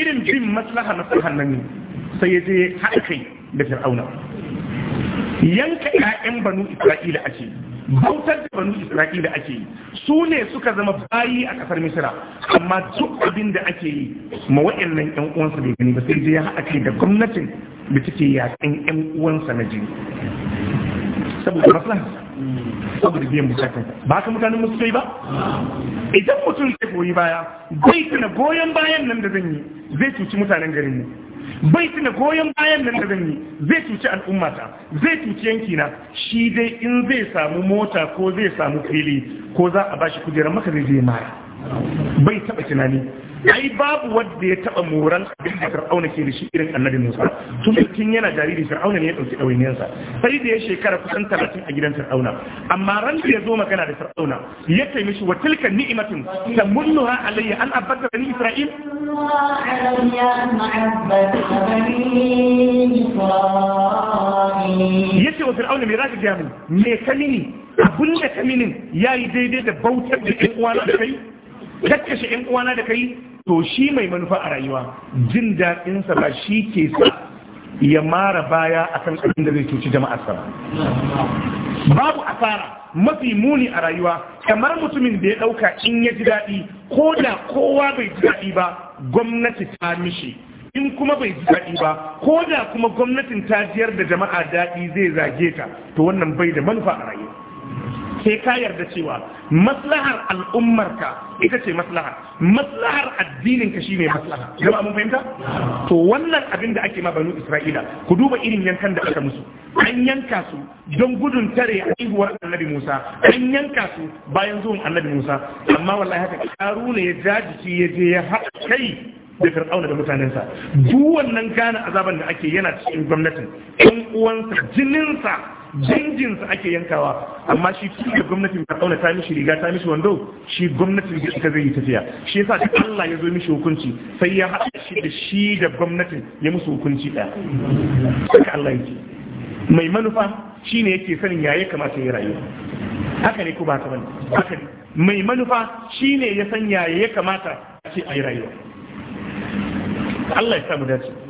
irin bin maslaha na sahan nan sai ya je haɗa kai da fir'auna yanka ƴaƴan banu isra'ila ake bautar da banu isra'ila ake yi su ne suka zama bayi a ƙasar misira amma duk abin da ake yi ma wa'annan ƴan uwansa bai gani ba sai je ya haɗa kai da gwamnatin da take yaƙin ƴan uwansa na jini saboda masana saboda biyan bukata ba ka mutanen musu ba idan mutum zai goyi baya zai tuna goyon bayan nan da zan yi zai cuci mutanen garin mu bai tuna goyon bayan nan da zanyi zai cuci al'ummata zai cuci yankina shi dai in zai samu mota ko zai samu fili ko za a bashi kujerar maka zai zai mara bai taba tunani ai babu wanda ya taba moran abin da fir'auna ke da shi irin annabi musa tun tun yana jariri fir'auna ne ya dauki ɗawainiyarsa sai da ya shekara kusan talatin a gidan fir'auna amma ran da ya zo magana da fir'auna ya kai mishi wa tilka ni'imatin tamunnuha alayya an abada bani isra'il yace wa fir'auna me zaka gaya min me kamini abun da kaminin ya yi daidai da bautar da ɗan uwana da kai kakkashe yan uwana da kai to shi mai manufa a rayuwa jin daɗin sa ba shi ke sa ya mara baya akan abin da zai cuci jama'ar sa babu asara mafi muni a rayuwa kamar mutumin da ya ɗauka in ya ji daɗi ko da kowa bai ji daɗi ba gwamnati ta mishi in kuma bai ji daɗi ba ko da kuma gwamnatin ta jiyar da jama'a daɗi zai zage ta to wannan bai da manufa a rayuwa sai ka yarda cewa maslahar al'ummarka ita ce maslahar maslahar addininka shine maslaha jama'a mun fahimta to wannan abin da ake ma banu Isra'ila ku duba irin yankan da aka musu an yanka su don gudun tare haihuwar Annabi Musa an yanka su bayan zuwan Annabi Musa amma wallahi haka ne ya jajiki ya je ya haɗa kai da fir'auna da mutanensa duk wannan gane azaban da ake yana cikin gwamnatin ɗan uwansa jininsa jinjinsa ake yankawa amma shi da gwamnatin ta kauna ta mishi riga ta mishi wando shi gwamnatin da ita zai yi tafiya shi yasa duk Allah ya zo mishi hukunci sai ya haɗa shi da shi da gwamnatin ya musu hukunci ɗaya saka Allah ya ji. mai manufa shine yake sanin yaya kamata ya rayu haka ne ko ba ta bane haka ne mai manufa shine ya san yaya ya kamata a ce a yi rayuwa Allah ya samu dace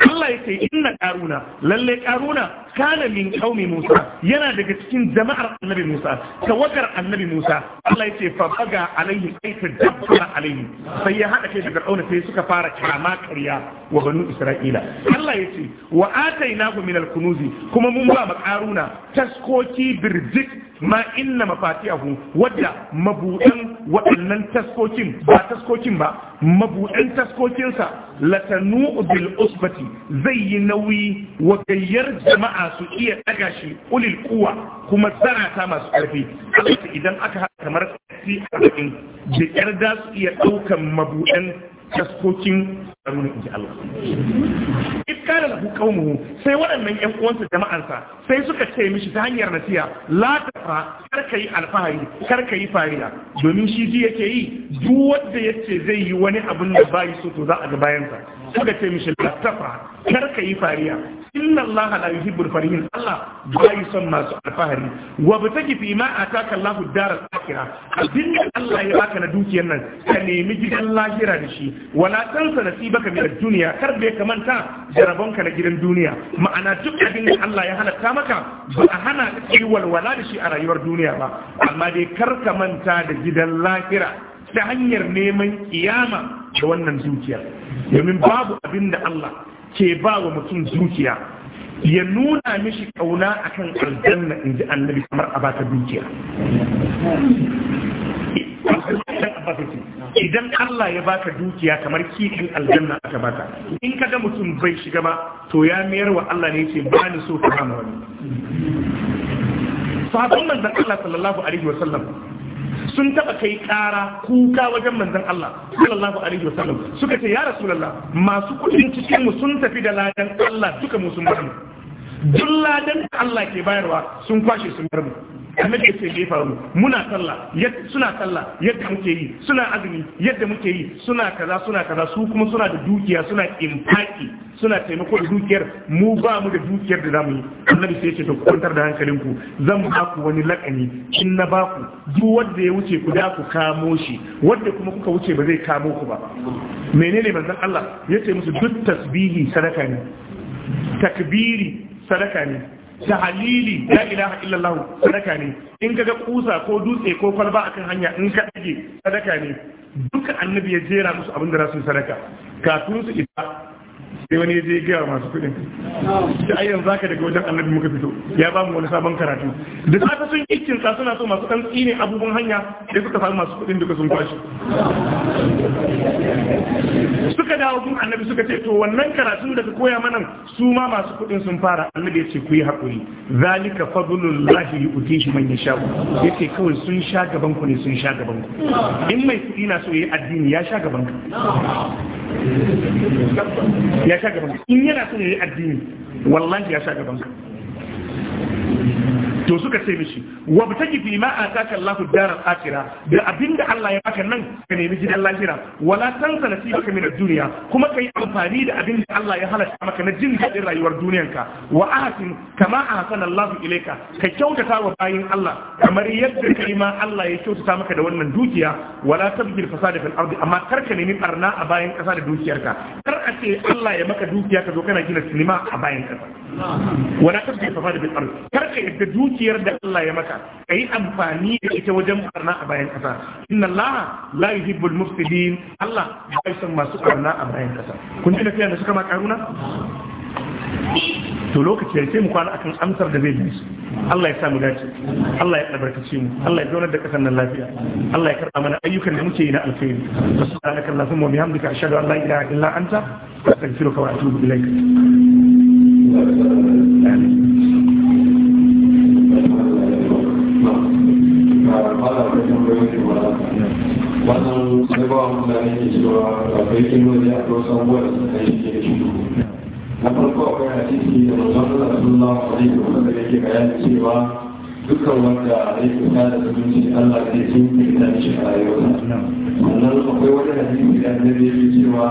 Allah ya ce inna karuna lalle karuna kana min qaumi Musa yana daga cikin jama'ar Annabi Musa tawagar Annabi Musa Allah ya ce fa baga alaihi kaifa dabba alaihi sai ya hada kai daga Fir'auna sai suka fara kama karya wa banu Isra'ila Allah ya ce wa atainahu min al-kunuzi kuma mun ba ma karuna taskoki birjik ma inna mafatihahu wadda mabuɗan waɗannan taskokin ba taskokin ba mabuɗan taskokinsa latanu bil usbati zai yi nauyi wa gayyar jama'a su iya daga shi ulil kuwa kuma zarata masu ƙarfi haka idan aka haɗa kamar tsaki a cikin da yar da su iya ɗaukan mabuɗan taskokin in inji Allah. Ikkara lahu qaumuhu sai waɗannan ƴan uwansa jama'ansa sai suka ce mishi ta hanyar nasiya la kar ka yi alfahari kar ka yi fariya domin shi ji yake yi duk wanda yace zai yi wani abin da bai so to za a ga bayansa suka ce mishi lattafa kar ka yi fariya inna Allah la yuhibbul farihin Allah ba yi son masu alfahari wa bi taki fi ma ataka Allah daral akhira abinda Allah ya baka na dukiyar nan ka nemi gidan lahira da shi wala tansa nasibaka min ad-dunya kar bai ka manta jarabonka na gidan duniya ma'ana duk abinda Allah ya halatta maka ba a hana ka walwala da shi a rayuwar duniya ba amma dai kar ka manta da gidan lahira ta hanyar neman kiyama da wannan zuciya domin babu abin da Allah ke ba wa mutum zuciya ya nuna mishi kauna akan aljanna in ji annabi kamar a bata dukiya idan Allah ya baka dukiya kamar kifin aljanna aka bata, in ka mutum bai shiga ba to ya mayar wa Allah ne ce ba ni so ka kama wani sahabban manzon Allah sallallahu alaihi wasallam sun taba kai kara kuka wajen manzon Allah sallallahu alaihi wasallam suka ce ya rasulullah masu kudin cikin mu sun tafi da ladan Allah duka mu sun bar mu duk ladan Allah ke bayarwa sun kwashe sun bar mu annabi sai bai faru muna sallah suna sallah yadda muke yi suna azumi yadda muke yi suna kaza suna kaza su kuma suna da dukiya suna impaki, suna taimako da dukiyar mu ba mu da dukiyar da zamu yi annabi sai ce to ku kwantar da hankalinku zan ba ku wani lakani in na ba ku duk wanda ya wuce ku da ku kamo shi wanda kuma kuka wuce ba zai kamo ku ba menene manzon Allah ya ce musu duk tasbihi sadaka ne takbiri sadaka ne tahalili la ilaha illallah sadaka ne in ka ga kusa ko dutse ko kwalba akan hanya in ka dage sadaka ne duka annabi ya jera musu abin da za su sadaka kafin su isa sai wani je gaya masu kudin da ayyan zaka daga wajen annabi muka fito ya ba mu wani sabon karatu da safe sun ikin sa suna so masu dan tsine abubuwan hanya da suka samu masu kudin duka sun kwashi suka dawo gun annabi suka ce to wannan karatun da ka koya mana su ma masu kudin sun fara annabi ya ce ku yi hakuri zalika fadlullahi yu'tihi man yasha yake kawai sun sha gaban ku ne sun sha gaban ku in mai kudi na so yayi addini ya sha gaban ka ya sha gaban in yana so ya yi addini wallahi ya sha gaban to suka ce mishi wa butaki fi ma ataka Allahu daral akhirah da abinda Allah ya baka nan ka nemi gidan lahira wala tansa nasibaka min ad-dunya kuma kai amfani da abinda Allah ya halatta maka na jin daɗin rayuwar duniyarka wa ahsin kama ahsana Allahu ilayka ka kyautata wa bayin Allah kamar yadda kai ma Allah ya kyautata maka da wannan dukiya wala tabghil fasada fil ardi amma kar ka nemi barna a bayan kasa da dukiyarka kar a ce Allah ya maka dukiya ka zo kana gina sinima a bayan ƙasa, wala tabghil fasada fil ardi kar ka yadda dukiya dukiyar da Allah ya maka kai yi amfani da ita wajen barna a bayan kasa inna Allah la yuhibbul mufsidin Allah ba ya san masu barna a bayan kasa kun ji tafiya da suka ma karuna to lokaci sai mu kwana akan amsar da zai bi Allah ya samu dace Allah ya albarkace mu Allah ya zaunar da ƙasar nan lafiya Allah ya karɓa mana ayyukan da muke yi na alkhairi subhanaka allahumma wa bihamdika ashhadu an la ilaha illa anta astaghfiruka wa atubu you. cewa akwai kimanin da akwai sabuwa da suka yi ke cikin na farko akwai hadisi da manzon Allah sallallahu alaihi wa sallam yake bayani cewa dukkan wanda yi fita da zumunci Allah zai jinkirta shi a rayuwarsa sannan akwai wani hadisi da annabi yake cewa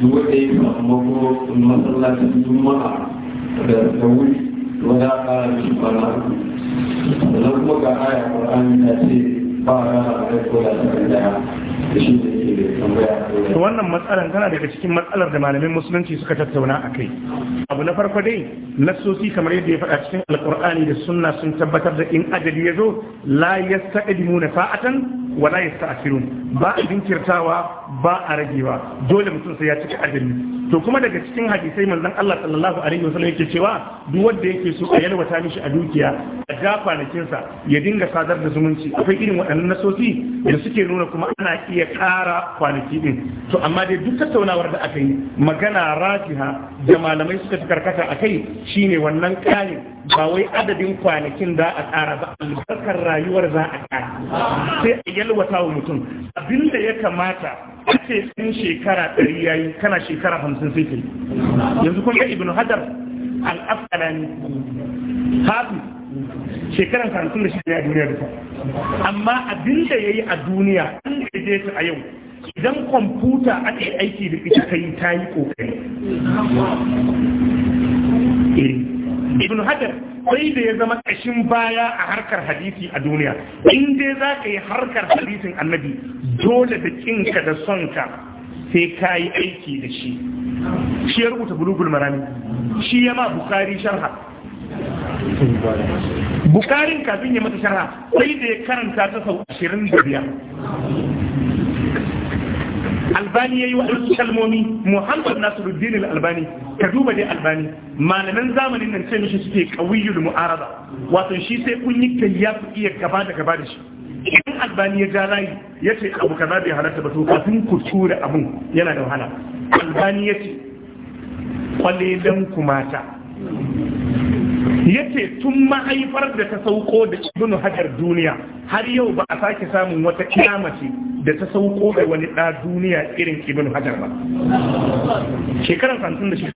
duk wanda ya samu masallacin juma'a da wuri wanda aka mishi kwana sannan kuma ga aya Qur'ani ta ce ba rana da kai ko da ta to wannan matsalar tana daga cikin matsalar da malamin musulunci suka tattauna a kai abu na farko dai nassosi kamar yadda ya faɗa cikin alkur'ani da sunna sun tabbatar da in ajali ya zo la yastaqdimuna sa'atan wa la yasta'khirun ba a jinkirtawa ba a ragewa dole mutum sai ya cika adadi to kuma daga cikin hadisai manzon Allah sallallahu alaihi wasallam yake cewa duk wanda yake so a yalwata mishi a dukiya a da ya dinga sadar da zumunci akwai irin waɗannan nassosi da suke nuna kuma ana ana iya ƙara kwanaki din to amma dai duk tattaunawar da aka yi magana rajiha da malamai suka fi karkata a kai shine wannan ƙarin ba wai adadin kwanakin za a ƙara ba albarkar rayuwar za a ƙara sai a yalwata wa mutum abin da ya kamata ake tsin shekara ɗari yayi kana shekara hamsin sai kai yanzu kun ga ibnu hadar al-asqalani hafi shekaran karantun da shi ne a duniya duka amma abin da ya yi a duniya a yau idan kwamfuta aka aiki da ita ta yi ta yi kokari eh, ibn hajar sai da ya zama ƙashin baya a harkar hadisi a duniya in dai za ka yi harkar hadisin annabi dole da kinka da sonka sai ka yi aiki da shi shi ya rubuta bulugul marami shi ya ma bukari sharha bukarin kafin ya mata sharha sai da ya karanta ta sau ashirin da biyar albani ya yi waɗansu kalmomi muhammad nasiruddin albani ka duba dai albani malaman zamanin nan ce mishi suke kawiyul mu'arada wato shi sai kun yi kayya ku iya gaba da gaba da shi idan albani ya ja layi ya ce abu kaza bai halatta ba to kafin ku tura abun yana da wahala albani ya ce kwalelan ku mata yace tun mahaifar da ta sauko da ibnu hajar duniya har yau ba a sake samun wata kiyamace da ta sauko da wani ɗa duniya irin ibnu hajar ba shekarar 56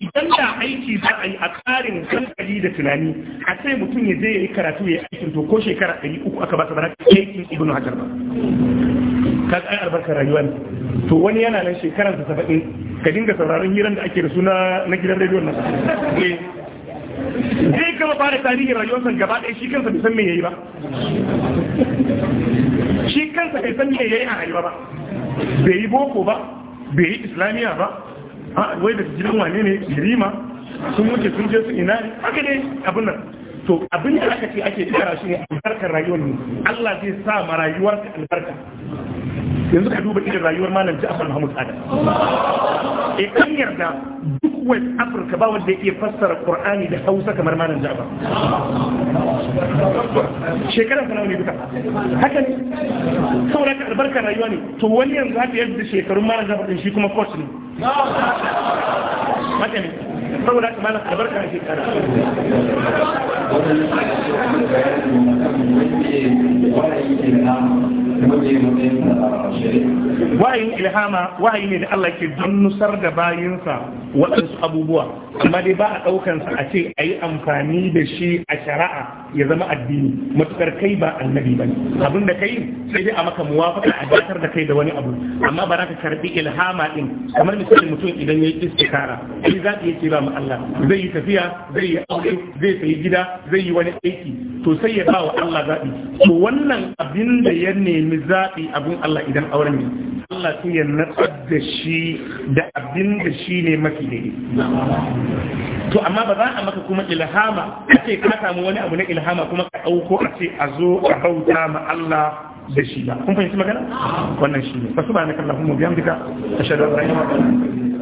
idan da aiki za a yi a karin hankali da tunani a sai mutum ya je ya yi karatu ya aikin to ko shekara ɗari uku aka ba ta bara aikin ibnu hajar ba ka ga albarkar rayuwa ne to wani yana nan shekarar 70 saba'in ka dinga sauraron hirar da ake da suna na gidan rediyon nan eh. zai gama fara tarihin rayuwarsa gaba ɗaya shi kansa bai san me yayi ba shi kansa bai san me yayi a rayuwa ba bai yi boko ba bai yi islamiya ba wai da gidan wane ne jirima sun wuce sun je su ina ne haka ne abin nan to abin da aka ce ake tsara shi ne albarkar rayuwar ne Allah zai sa ma rayuwar ka albarka yanzu ka duba irin rayuwar malam Ja'far Muhammad Adam e kan yarda duk duk west africa ba wanda iya fassara qur'ani da hausa kamar malam jaba shekaran kana ne duka haka ne saboda ka albarka rayuwa ne to wani yanzu haka yadda shekarun malam jaba din shi kuma coach ne haka ne saboda ka malam albarka ne shekara wannan Wa'ayin ilhama wahayi ne da Allah ke don nusar da bayinsa waɗansu abubuwa amma dai ba a ɗaukansa a ce a yi amfani da shi a shari'a ya zama addini matukar kai ba annabi ba ne abin da kai sai dai a maka muwafaka a gatar da kai da wani abu amma ba za ka karɓi ilhama ɗin kamar misali mutum idan ya yi istikara sai za ka yake ba mu Allah zai yi tafiya zai yi aure zai sayi gida zai yi wani aiki to sai ya ba wa Allah zaɓi to wannan abin da ya nemi nemi zaɓi abun Allah idan auren ne Allah sun ya natsar da shi da abin da shi ne mafi daidai to amma ba za a maka kuma ilhama a ce ka samu wani abu na ilhama kuma ka ɗauko a ce a zo a bauta ma Allah da shi ba kun fahimci magana wannan shi ne fa subhanaka allahumma bihamdika ashhadu an la ilaha illa anta